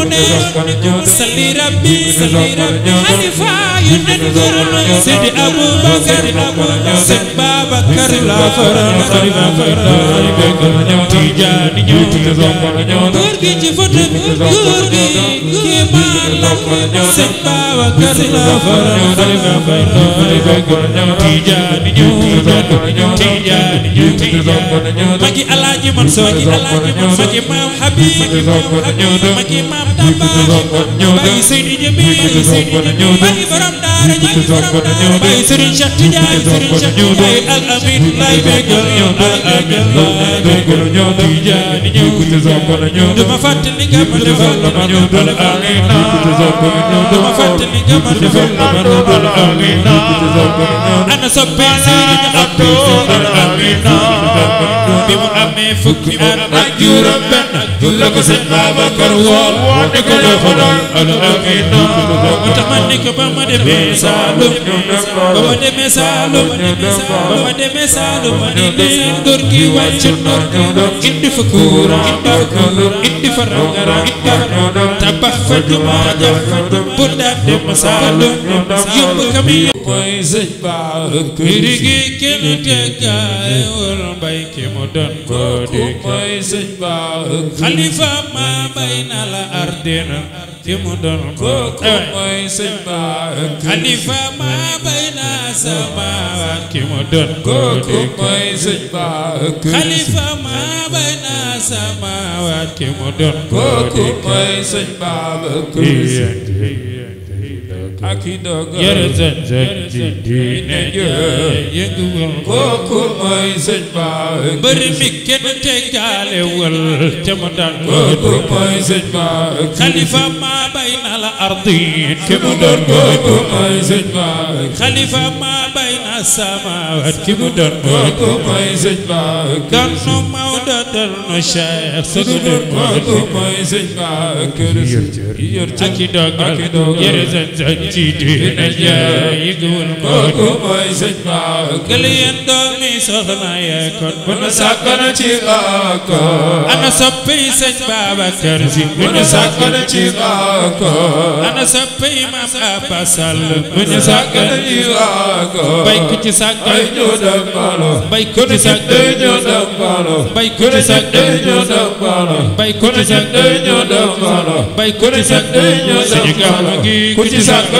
mu ne salli rabbi salli rabbi xalifa yu nen gërëm sidi abubakar sëñ babakar la faral xalifa tijaani ñoo góor gi ci foto bi góor gi kéemaan la sëñ babakar la faral xalifa tijaani ñoo tijaani ñoo tijaani ñoo alaaji man sooji alaaji man sooji maam Habib maam Habib maam Tamba bàyyi Seydi Jamil Seydi Jamil bàyyi borom bay Serigne Cheikh Tidiane Serigne Cheikh Tidiane al amin bay bégal ñoo al amin bégal ñoo Tidiane ñëw duma fàttali nga ma defal ma ñoo al amin duma fàttali nga ma defal ma ñoo al amin ana soppe Serigne Abdou al amin bi mu amee fukki at ak juróom benn la ko sëñ Babacar woo ne ko doo ko doon al amin mu tax ma ne ko ba ma demee demee Saalum ba ma demee Saalum ba ma demee Saalum ma ni leen góor gi wàcc na indi fa courant indi fa rangara tabax fa jumaa ja pour daan dem Saalum yóbbu camion mooy sëñ baax birigi kenn teggaay war mbay ki mu doon ko di mooy sëñ baax xalifa ma bay na la ardena te mu doon kooku mooy sëñ Mbàkke xalifa maa bay naa samaawaat te mu doon kooku mooy sëñ Mbàkke xalifa maa bay naa samaawaat te mu doon kooku mooy sëñ Mbàkke akido go yere sen sen ci diine jë yënguwul kooku mooy sëñ ba bëri mi kenn teggaale wal te mu daan kooku mooy sëñ ba xalifa ma bayna la ardi ke mu doon kooku mooy sëñ ba xalifa ma bayna samawat ke mu doon kooku mooy sëñ ba doon nu Mawdo doon nu Cheikh sunu doon kooku mooy sëñ ba kër yor cër akido go yere sen sen ci diina jaay gul kooku mooy sëñ Mbàkke yéen doomi soxna ya kon bu nu sàkkoon ci Mbàkke ana soppi sëñ Babacar Si bu nu sàkkoon ci Mbàkke ana soppi maam Abba Sall bu nu sàkkoon ci Mbàkke bay ku ci sàkkoon ñu dambalo bay ku ci sàkkoon ñu dambalo bay ku ci sàkkoon ñu dambalo bay ku ci sàkkoon ñu dambalo bay ku ci sàkkoon ñu dambalo bay ku ci sàkkoon ñu dambalo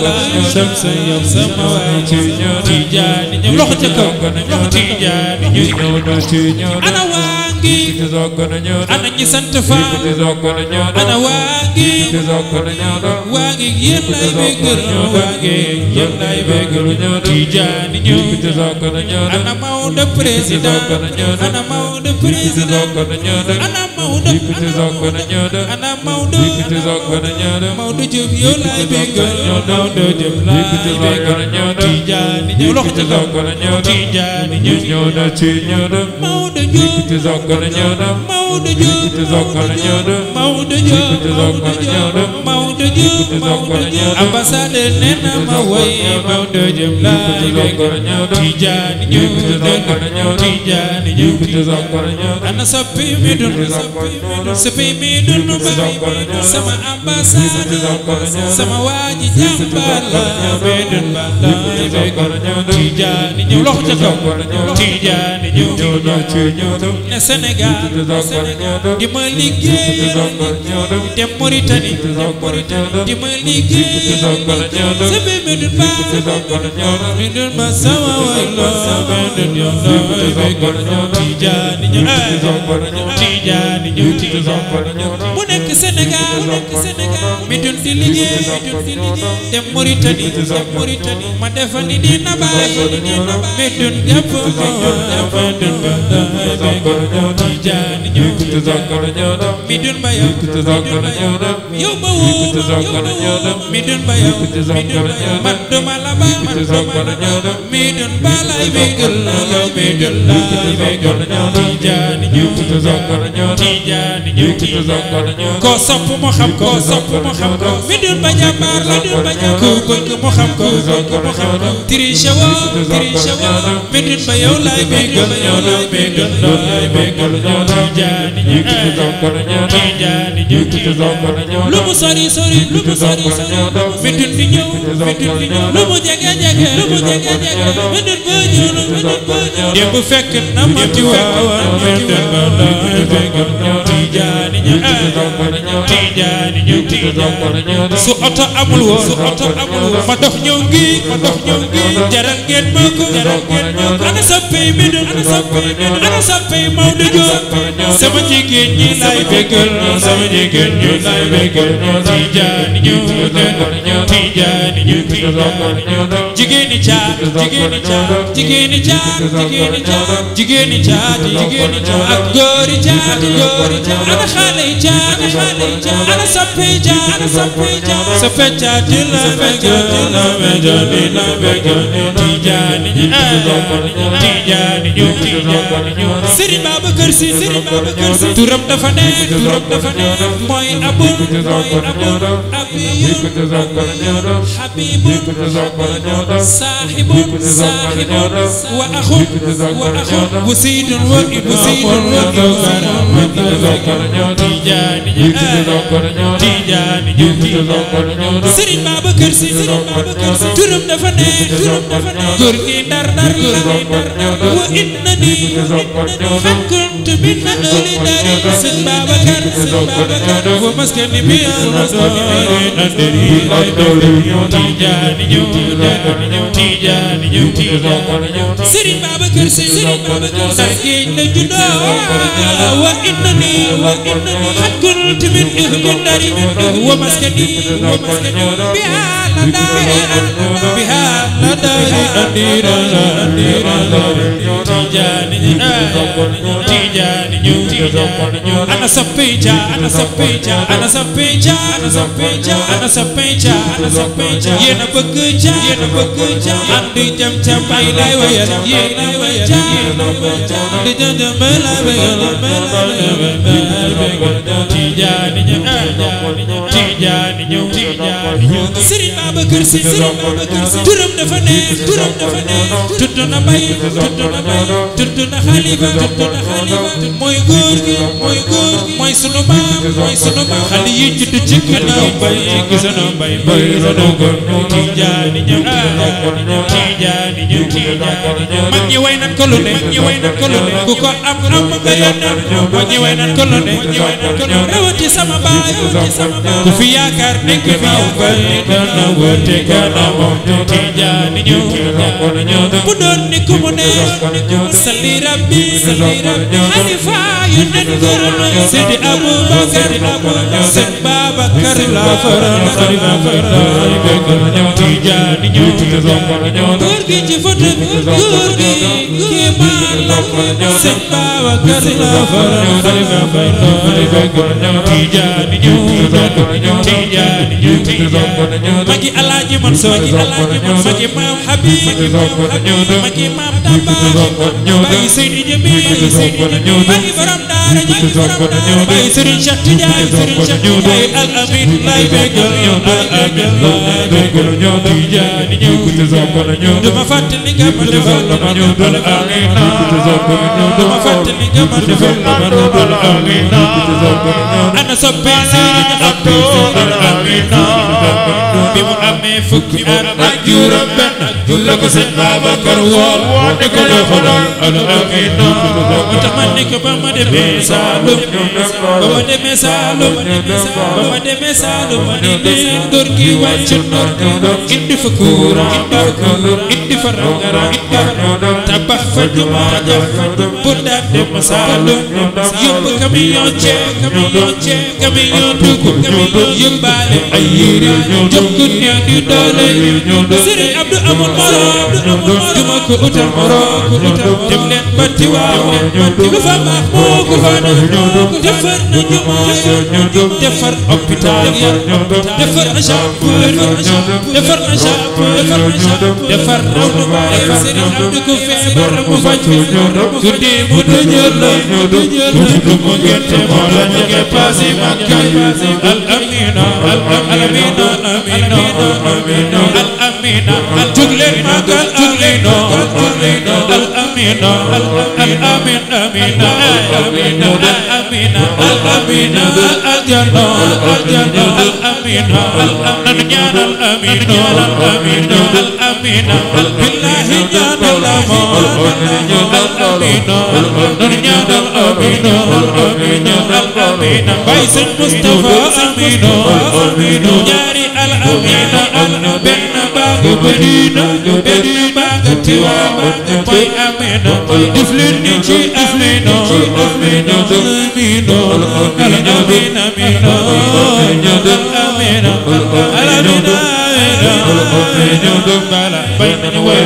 ñoo dem sa yow sama waay ci ñoo tijaani ñëw loxo ca kaw ñoo tijaani ñu ñëw na ci ñoo ana waa ngi ana ñi sant faal ana waa ngi waa ngi yéen lay béggal waa ngi yéen lay béggal tijaani ñëw ana Maodo président ana Maodo président ana Maodo député Sonko na ñëw de ana ci ñëw de Maodo Diop Maodo Diop ambassade nee na ma woy Maodo Diop laa bëgg Tijaan ñu dëgg Tijaan ñu ana soppi mi dund soppi mi dund bari sama ambassade sama waa ji jàmbaar la mi dund ba la bëgg Tijaan ñu loxo ca kaw Tijaan ñu ne Sénégal di ma liggéey dem Mauritanie dimbal liggéey sa bébé du baax mi du ma sama wàllu tijaani ñu ay tijaani ñu mu nekk Sénégal mu nekk Sénégal mi dun fi liggéey mi dun fi liggéey dem Mauritanie dem Mauritanie ma defa ni di na baay mi dun jàpp ma dun tijaani ñu تذكر نيانا ميدون بايا تذكر نيانا يوم يوم تذكر نيانا ميدون بايا تذكر نيانا مدملا Miidun bala miidun bala miidun bala miidun bala Tijaani ñëw Tijaani ñëw ko sopp mu xam ko sopp mu xam ko miidun ba jàmbaar miidun ba ku ko bëgg mu xam ko triche woo triche woo miidun ba yow laay miidun démb fekk na ma ci waaw tijaani ñëw tijaani su oto amul woon su oto amul woon ma dox ñëw ngi ma dox ñëw ngi jaral ngeen ma ko jaral ngeen ma ko ana sa pay mbind ana sa pay mbind ana sa pay Maodo Diop sama jigéen ñi lay bégal sama jigéen ñi lay bégal tijaani ñëw tijaani ñëw jigéeni caat jigéeni caat jigéeni caat jigéeni caat jigéeni caat jigéeni caat ak góori caat góori caat ana xale ja ana soppe ja ana soppe ja soppe ja dina bega dina bega dina bega Tijani Tijani Tijani Serigne Babacar Sy Serigne Babacar Sy turam dafa ne turam dafa ne mooy abul mooy abul abiyu habibu saahibu saahibu wa axu wa axu bu siidun wa bu siidun wa Tijaani ñëw Tijaani ñëw Serigne Babacar Sy Serigne Babacar Sy turam dafa ne turam dafa ne góor gi ndar ndar la wa inna ni xat kunt bi na ëli dari Serigne Babacar Serigne Babacar wa maskani bi Tijaani ñëw Tijaani ñëw Serigne Babacar Sy Serigne Babacar Sy géej la juddoo wa inna ni wa inna قلت من أهل النار ومسكني ومسكني بها لدار بها لدار أنيرا أنيرا تجاني تجاني ñu ana sa péja ana sa péja ana sa péja ana sa péja ana sa péja ana sa péja yéen a bëgg ja yéen a bëgg ja am di jëm ca mbay lay wayal yéen lay wayal ja di jëm ca mbay lay wayal tijaani ñëw tijaani ñëw tijaani ñëw Serigne Babacar Sy Serigne Babacar Sy turam dafa neex turam dafa neex tudd na mbay tudd na mbay tudd na xalifa tudd na xalifa mooy góor gi mooy góor gi mooy sunu maam mooy sunu maam xale yi judd ci gannaaw bay gisana bay bay rono góor tijaani ña tijaani ña tijaani ña mag ñi way nan ko lu ne mag ñi way nan ku ko am am nga yónnal mag ñi way nan ko lu ne sama baay ku fi yaakaar nekk fi yaakaar nekk na wëte gannaaw ñëw bu doon ni ku mu ne salli rabbi salli rabbi xalifa yu ne gërëm Sidi Aboubacar Sëñ Babacar la faral xalifa Tijaani ñëw góor gi ci foto góor gi kéemaan la Sëñ Babacar la faral xalifa Tijaani ñëw Tijaani ñëw Tijaani magi Alaaji Mansoor magi Alaaji Mansoor magi maam Habib magi maam Tamba magi Seydi Jamil magi borom daara ji magi Sëriñ Cheikh Tijaani Sëriñ Cheikh Tijaani Al Amin lay bégal ñëw Al Amin lay bégal ñëw Tijaani ñëw dama fàtte li nga ma defal Al Amin dama fàtte li nga ma defal Al Amin ana soppe Serigne Abdou Amina bi mu amee fukki at ak juróom benn du la ko sëñ Babacar woon ne ko doo ko doon ana Amina mu tax ma ne ko ba ma demee Saalum ba ma demee Saalum ba ma demee Saalum ma ne leen góor gi wàcc noor indi fa courant indi fa rangara tabax fa jumaa def fa daan dem Saalum yóbbu camion ceeb camion ceeb camion dugub camion yóbbaale ay yére jox ko néew di doole Serigne Abdou amul morom duma ko utal morom dem leen ba Tiwaawan lu fa baax moo ko fa defar na jumaa defar hôpital ya defar na gendarmerie defar na gendarmerie defar na raw na baay Serigne Abdou ko feebar mu faj ko tuddee mu tëjal la ñu du mu tuddu mu gerte moo la ñu ngi paasi makka al amina al amina amina amina al amina jug leen màggal amina amina al amina al amina amina amina al amina al amina al aljanna al aljanna al amina al amina ñaanal amina al amina al amina billahi bay sun mustafa amino amino jari al amina al ben bagu medina ben bagu tiwa moy amina iflin ci aflino amino amino al amina amina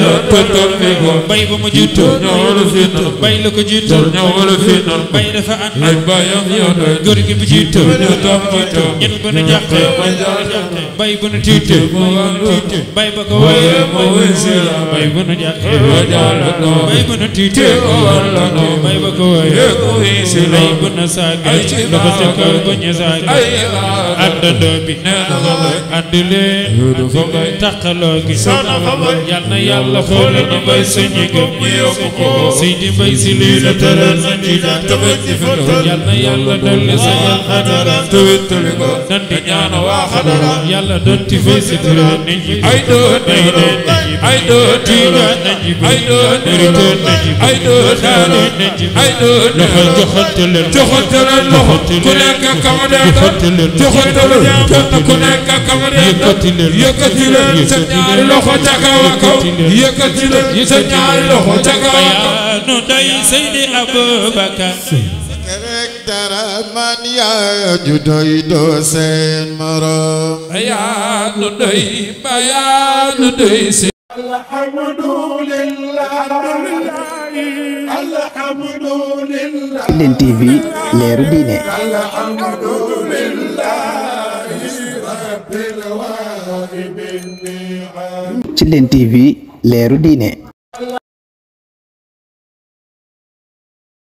la pëtëm ne goon bay ba mu jiitu ñoo wala fiitu bay la ko jiitu ñoo wala fiitu bay dafa ànd ay bayam yoo doy góor gi bu jiitu ñu toppatoo ñet ba na jàqe bay ba na tiite bay ba ko waye mo wësi la bay ba na jàqe bay ba na tiite bay ba ko waye ko wësi la bay ba na saage loxo ca kaw ba ñu saage àndandoo bi ànd leen taqaloo gi yàlla na yàlla yàlla xoolal nu bay sañi gëm ñu yokku ko si di bay si lii la tëral na di daan tëbët di fa tël yàlla yàlla dolli sa waa xadara tëbët tëli ko dan di ñaana waa xadara yàlla dotti fay si tëral nit ñi ay doo nay ne ay doo tiina ay doo nëritoon ay doo daalo ay doo loxo joxante leen joxante leen loxo ku nekk kamade joxante leen joxante leen ku nekk kamade yëkkati leen yëkkati leen sa ñaari loxo ca kaw a kaw yëkkati la sa ñaari loxo ca kaw nu day Seydi Abubakar rek dara man yaa ju doy doo seen morom yaa nu doy ba nu doy seen Tilène TV leeru diine Tilène TV leeru diine